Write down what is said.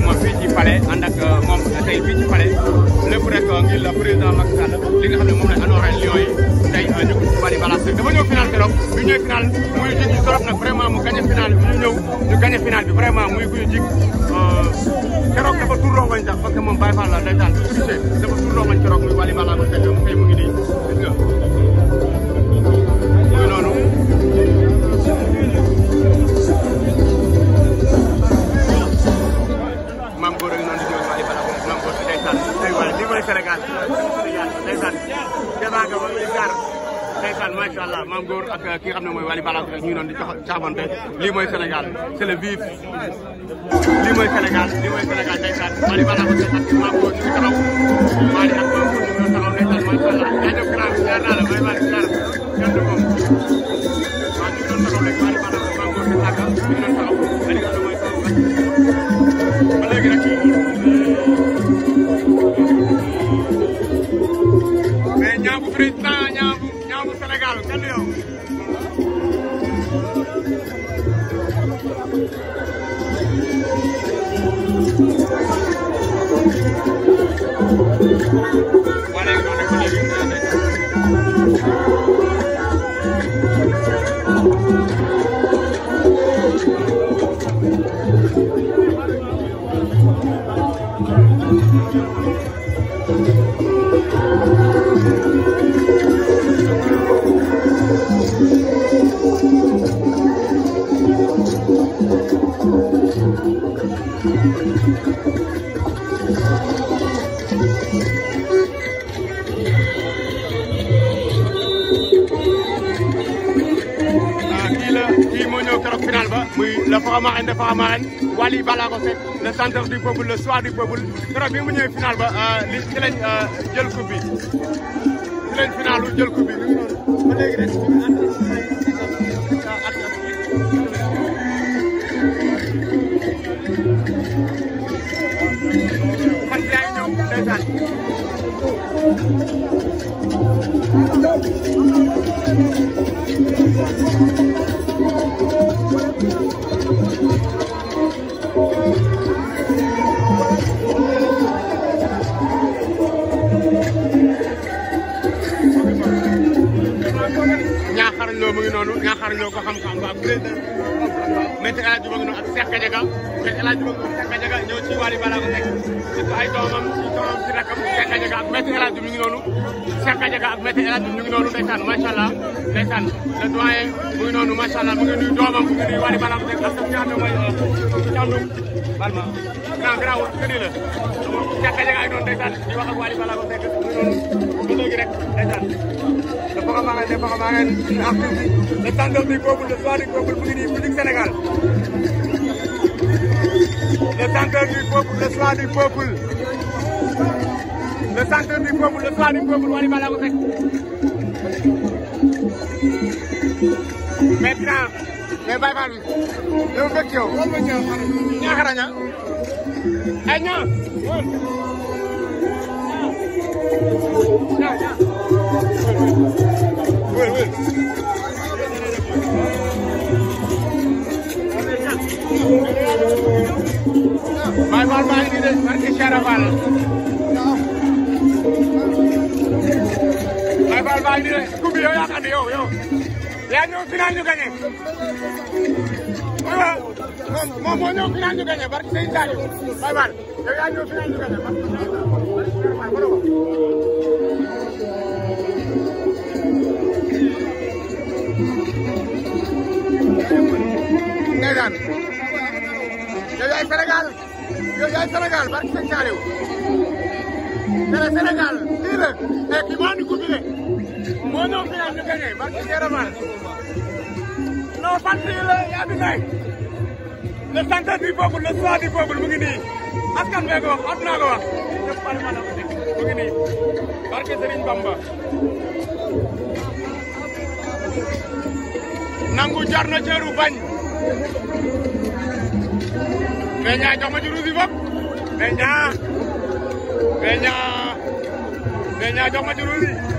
ak moom fii ci palais ànd ak euh, moom tey fii ci palais lépp rek euh, ngir le président Macky Sall li nga xam ne lañ honoré Lions yi tey euh, ñu ko bari dafa ñëw final keroog bi ñëw final muy jig ñu trop nag vraiment mu gagné ñëw ñu gagné final bi vraiment muy ku ñu jig keroog dafa tur rongoñ sax parce que moom Baye Fall la day daan triché dafa tur rongoñ keroog ndeysaan macha allah maam góor ak uh, ki nga xam ne mooy wàllu balance rek ñu ngi doon di caxabante lii mooy Sénégal c'est le vif lii mooy Sénégal lii mooy Sénégal ndeysaan wàllu balance ndeysaan ci maam góor ñu ngi taxaw maa ngi ak maam góor ñu ngi taxaw ndeysaan macha allah jaajëf grand jaar naa la may wàllu jaar kenn du moom waaw ñu ngi doon taxaw léegi wàllu balance maam góor di tàggal ñu ngi doon taxaw ba li nga xam ne mooy ba léegi rek mais ñaabu président ah, ñaabu doomu Sénégal kenn yow Thank you. ñëw keroog final ba muy le Faramareen de Faramareen Wally Ballago Seck le centre du peuple le choix du peuple keroog bi mu ñëwee final ba li ci lañ jël coupe bi ci lañ finalu jël coupe bi ba léegi de Thank you. ñaaxar ñoo mu ngi noonu ñaaxar ñoo ko xam-xam waaw Maître El Hadji Diouf noonu ak Cheikh Gadiaga Maître El Hadji Diouf ak Cheikh Gadiaga ñëw ci Wally Ballago Seck ci ay doomam ci doomam ci rakam Cheikh Gadiaga ak Maître El Hadji Diouf ñu ngi noonu Cheikh Gadiaga ak Maître El Hadji Diouf ñu ngi noonu ndeysaan macha allah ndeysaan le doyen mu ngi noonu macha allah mu ngi nuyu doomam mu ngi nuyu Wally Ballago Seck ak ñaar ne mooy Thiandoum Balma grand grand wut këni la Cheikh Gadiaga ak noonu ndeysaan di wax ak Wally Ballago Seck mu ngi noonu ba léegi rek ndeysaan le programme le programme le tandem du peuple le soir du peuple mu ngi nii musique Sénégal Sénégal. Le centre du peuple, le soir du peuple. Le centre du peuple, le soir du peuple, Wally Ballago Seck. Maintenant, mais Baye Fall bi. yow fekk yow. ñaaxara ña. ay eh, ña. wóor. ña ña. wóor wóor. Baye Fall baa ngi nii de barke Cheikh Rafal Baye Fall baa ngi nii de coupe bi yow yaa xam ne yow yow yaa ñëw final ñu gagné waaw moom moo ñëw final ñu gagné barke Sëñ Sadio Baye Fall yow yaa ñëw final ñu gagné ndeysaan Sénégal yow yaay Sénégal barki sëñ Saliou dara Sénégal lii la eh kii moo ñu gudd de boo ñëw final ñu gagné barki Géramal non parti la yaa bi nay le centre du peuple le choix du peuple mu ngi nii askan bee ko wax adduna ko wax te parlement na ko dégg mu ngi nii barke Serigne Bamba nangu jar na ceeru bañ Beña jox ma ci ruus yi fop Beña Beña ma ci